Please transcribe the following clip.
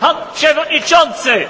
Pan Przewodniczący!